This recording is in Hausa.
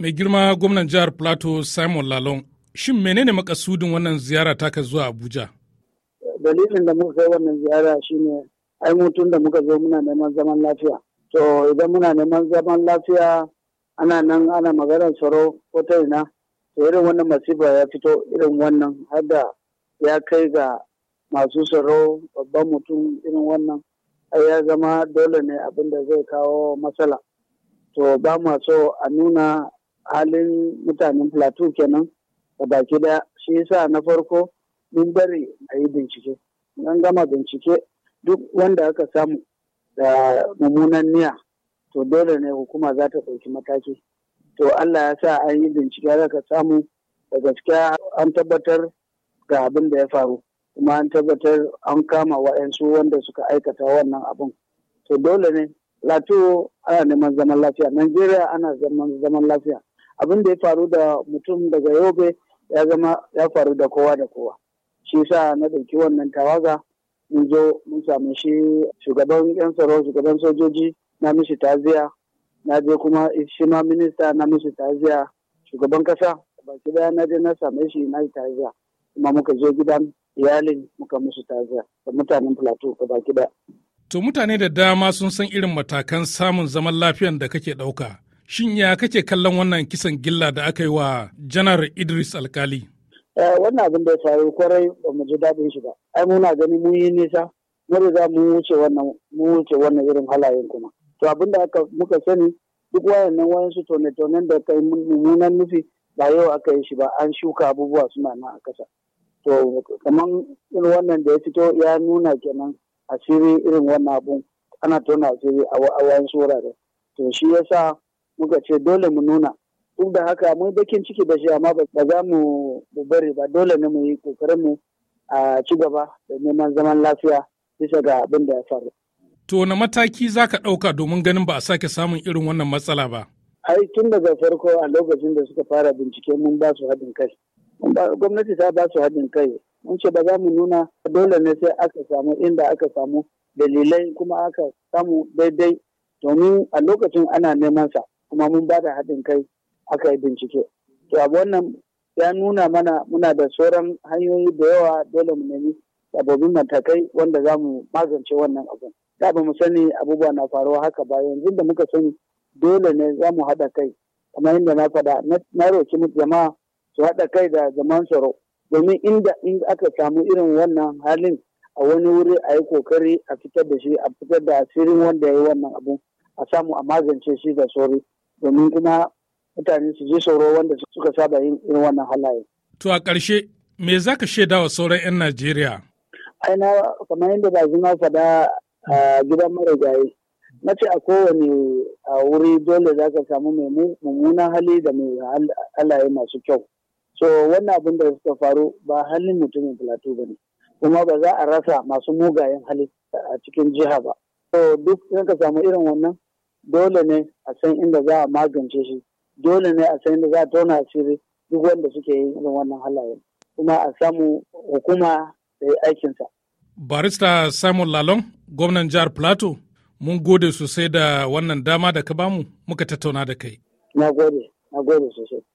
mai girma gwamnan jihar plateau simon lalong shin menene makasudin wannan ziyara taka zuwa abuja dalilin da muka kai wannan ziyara shine ai mutum da muka zo muna neman zaman lafiya to idan muna neman zaman lafiya ana nan ana maganar tsaro ko ta ina to irin wannan masifa ya fito irin wannan har da ya kai ga masu tsaro babban mutum irin wannan ai ya zama dole ne abin da zai kawo matsala to ba ma so a nuna halin mutanen plateau kenan da baki da shi yasa na farko mun bari a yi bincike an gama bincike duk wanda aka samu da mummunan niyya to dole ne hukuma za ta ɗauki mataki to allah ya sa an yi bincike aka samu da gaskiya an tabbatar ga abin da ya faru kuma an tabbatar an kama wa'yansu wanda suka aikata wannan abin to dole ne lato ana neman zaman lafiya najeriya ana zaman zaman lafiya abin da ya faru da mutum daga yobe ya zama ya faru da kowa da kowa shi sa na ɗauki wannan tawaga mun zo mun samu shi shugaban yan tsaro shugaban sojoji na mishi taziya na je kuma shi ma minista na mishi taziya shugaban kasa baki daya na je na same shi na yi taziya kuma muka je gidan iyalin muka musu taziya da mutanen plateau ga baki daya. to mutane da dama sun san irin matakan samun zaman lafiyan da kake ɗauka Shin ya kake kallon wannan kisan gilla da aka yi wa Janar Idris Alkali? Eh, wannan abin da ya faru kwarai ba mu ji daɗin shi ba. Ai muna gani mun yi nisa, mun za mu wuce wannan mu wuce wannan irin halayen kuma. To abin da muka sani duk wayannan su tone-tonen da kai mummunan nufi ba yau aka yi shi ba an shuka abubuwa suna nan a kasa To kaman irin wannan da ya fito ya nuna kenan asiri irin wannan abun ana tona asiri a su wurare. To shi yasa muka ce dole mu nuna duk da haka mun bakin ciki da shi amma ba za mu bari ba dole ne mu yi kokarin mu a ci gaba da neman zaman lafiya bisa ga abin da ya faru. To na mataki za ka ɗauka domin ganin ba a sake samun irin wannan matsala ba? Ai tun daga farko a lokacin da suka fara bincike mun ba su haɗin kai. Gwamnati ta ba su haɗin kai. Mun ce ba za mu nuna dole ne sai aka samu inda aka samu dalilai kuma aka samu daidai domin a lokacin ana neman sa. kuma mun ba da haɗin kai aka yi bincike to abu wannan ya nuna mana muna da sauran hanyoyi da yawa dole mu nemi sababbin matakai wanda za mu magance wannan abu da ba mu sani abubuwa na faruwa haka ba yanzu da muka sani dole ne za mu haɗa kai kamar yadda na faɗa na roki mu jama'a su haɗa kai da zaman tsaro domin inda in aka samu irin wannan halin a wani wuri a yi kokari a fitar da shi a fitar da asirin wanda ya yi wannan abu a samu a magance shi da sauri domin kuma mutane su ji tsoro wanda suka saba yin irin wannan halaye. To a ƙarshe me za ka shaida wa sauran 'yan Najeriya? Aina kamar yadda ba zuma faɗa a gidan marigayi. Na ce a kowane a wuri dole za ka samu mummunan hali da mai halaye masu kyau. So wannan abin da suka faru ba halin mutumin Filato ba ne. Kuma ba za a rasa masu mugayen hali a cikin jiha ba. So duk ka samu irin wannan dole ne a san inda za a magance shi dole ne a san inda za a tona asiri duk wanda suke yi irin wannan halaye kuma a samu hukuma da aikinsa. barista simon lalon gwamnan jihar plateau mun gode sosai da wannan dama da ka bamu muka tattauna da kai na gode na gode sosai